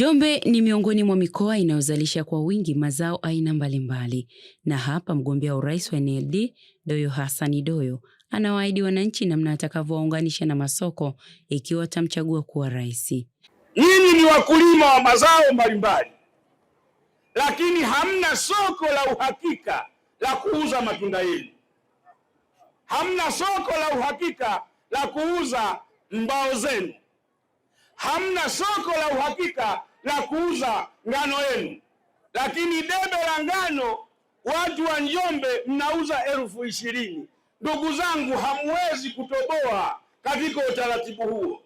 Njombe ni miongoni mwa mikoa inayozalisha kwa wingi mazao aina mbalimbali, na hapa mgombea urais wa NLD Doyo Hassan Doyo anawaahidi wananchi namna atakavyowaunganisha na masoko ikiwa atamchagua kuwa rais. Nyinyi ni wakulima wa mazao mbalimbali, lakini hamna soko la uhakika la kuuza matunda yenu, hamna soko la uhakika la kuuza mbao zenu hamna soko la uhakika la kuuza ngano yenu, lakini debe la ngano watu wa Njombe mnauza elfu ishirini. Ndugu zangu, hamwezi kutoboa katika utaratibu huo.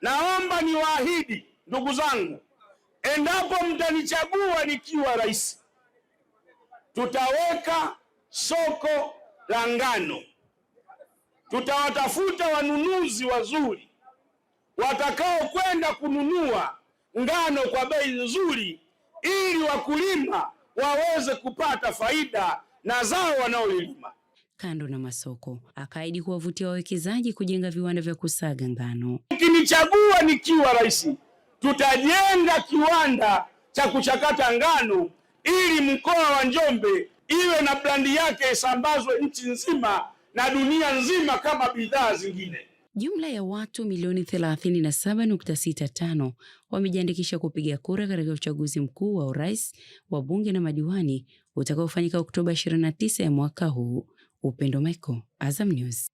Naomba niwaahidi ndugu zangu, endapo mtanichagua nikiwa rais, tutaweka soko la ngano, tutawatafuta wanunuzi wazuri watakaokwenda kununua ngano kwa bei nzuri, ili wakulima waweze kupata faida na zao wanaolilima. Kando na masoko, akaahidi kuwavutia wawekezaji kujenga viwanda vya kusaga ngano. Ukinichagua nikiwa rais, tutajenga kiwanda cha kuchakata ngano ili mkoa wa Njombe iwe na brandi yake, isambazwe nchi nzima na dunia nzima kama bidhaa zingine. Jumla ya watu milioni 37.65 wamejiandikisha kupiga kura katika uchaguzi mkuu wa urais, wa bunge na madiwani utakaofanyika Oktoba 29 ya mwaka huu. Upendo Michael, Azam News.